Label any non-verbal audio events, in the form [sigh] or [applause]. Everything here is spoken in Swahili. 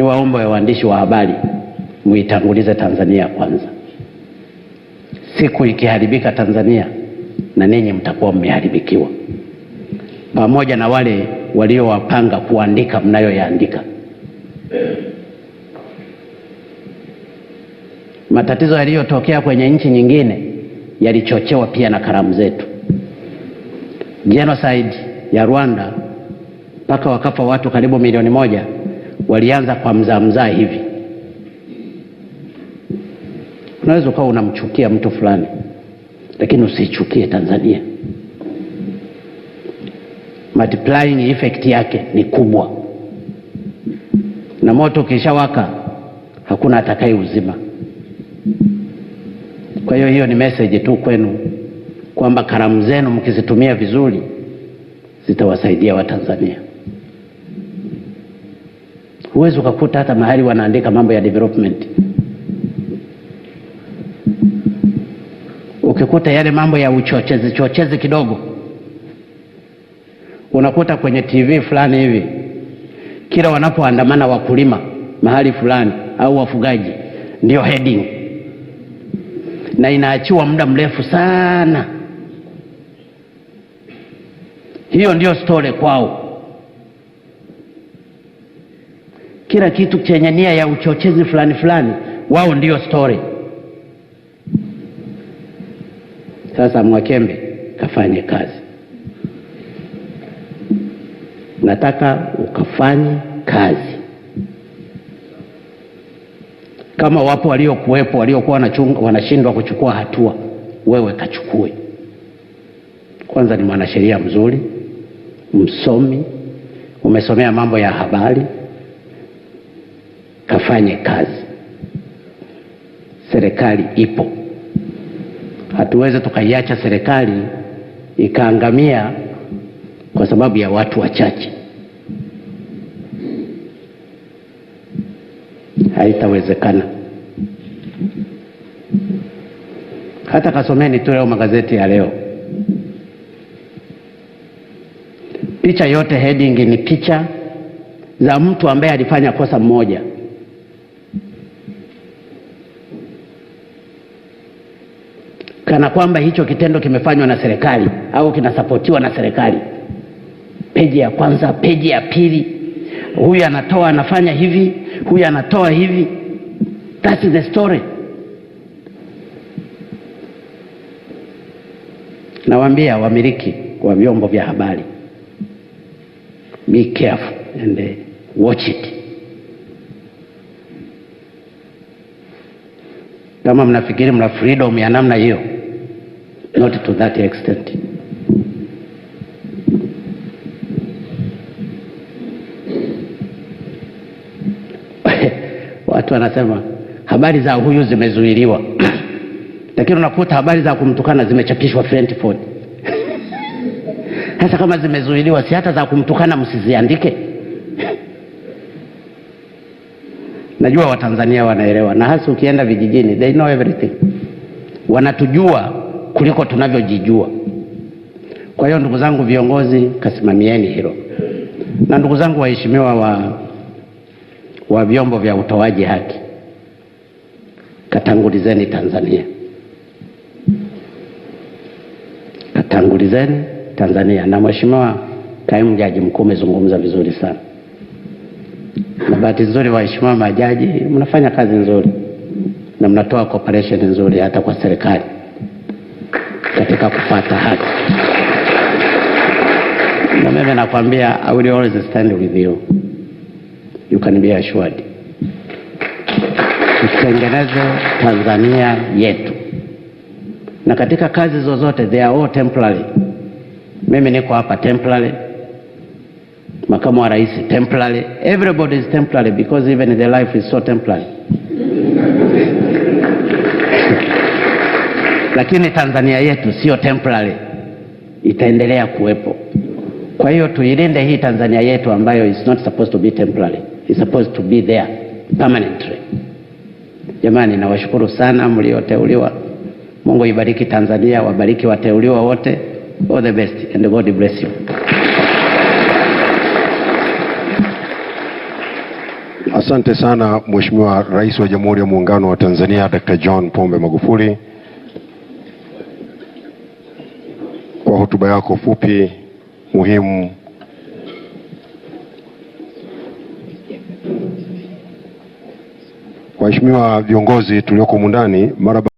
ni waombe waandishi wa habari muitangulize Tanzania kwanza. Siku ikiharibika Tanzania na ninyi mtakuwa mmeharibikiwa, pamoja na wale waliowapanga kuandika mnayoyaandika. Matatizo yaliyotokea kwenye nchi nyingine yalichochewa pia na karamu zetu. Genocide ya Rwanda mpaka wakafa watu karibu milioni moja walianza kwa mzaa mzaa hivi. Unaweza ukawa unamchukia mtu fulani, lakini usichukie Tanzania. Multiplying effect yake ni kubwa, na moto ukishawaka hakuna atakaye uzima. Kwa hiyo hiyo ni message tu kwenu kwamba karamu zenu mkizitumia vizuri zitawasaidia Watanzania huwezi ukakuta hata mahali wanaandika mambo ya development. Ukikuta yale mambo ya uchochezi chochezi kidogo, unakuta kwenye TV fulani hivi, kila wanapoandamana wakulima mahali fulani au wafugaji, ndio heading, na inaachiwa muda mrefu sana. Hiyo ndio story kwao. kila kitu chenye nia ya uchochezi fulani fulani, wao ndio story. Sasa Mwakembe kafanye kazi, nataka ukafanye kazi. Kama wapo waliokuwepo waliokuwa wanashindwa kuchukua hatua, wewe kachukue. Kwanza ni mwanasheria mzuri, msomi, umesomea mambo ya habari wafanye kazi. Serikali ipo, hatuwezi tukaiacha serikali ikaangamia kwa sababu ya watu wachache, haitawezekana. Hata kasomeni tu leo magazeti ya leo, picha yote, heading ni picha za mtu ambaye alifanya kosa mmoja kana kwamba hicho kitendo kimefanywa na serikali au kinasapotiwa na serikali. Peji ya kwanza, peji ya pili, huyu anatoa anafanya hivi, huyu anatoa hivi. That's the story. Nawaambia wamiliki wa vyombo vya habari, be careful and watch it. Kama mnafikiri mna freedom ya namna hiyo not to that extent. [laughs] Watu wanasema habari za huyu zimezuiliwa, [clears throat] lakini unakuta habari za kumtukana zimechapishwa Frentford. [laughs] Sasa kama zimezuiliwa, si hata za kumtukana msiziandike? [laughs] Najua Watanzania wanaelewa, na hasa ukienda vijijini, they know everything, wanatujua kuliko tunavyojijua. Kwa hiyo ndugu zangu viongozi, kasimamieni hilo. Na ndugu zangu waheshimiwa wa, wa vyombo vya utoaji haki, katangulizeni Tanzania, katangulizeni Tanzania. Na mheshimiwa kaimu jaji mkuu umezungumza vizuri sana, na bahati nzuri waheshimiwa majaji mnafanya kazi nzuri na mnatoa cooperation nzuri hata kwa serikali katika kupata haki. Na mimi nakwambia, I will always stand with you, you can be assured. Tutengeneze Tanzania yetu, na katika kazi zozote they are all temporary. Mimi niko hapa temporary, makamu wa rais temporary, everybody is temporary because even the life is so temporary lakini Tanzania yetu sio temporary, itaendelea kuwepo. Kwa hiyo tuilinde hii Tanzania yetu ambayo is not supposed to be temporary, it's supposed to be there permanently. Jamani, nawashukuru sana mlioteuliwa. Mungu ibariki Tanzania, wabariki wateuliwa wote. All the best and God bless you. Asante sana Mheshimiwa Rais wa Jamhuri ya Muungano wa Tanzania Dr. John Pombe Magufuli. hotuba yako fupi muhimu. Waheshimiwa viongozi tulioko mundani mara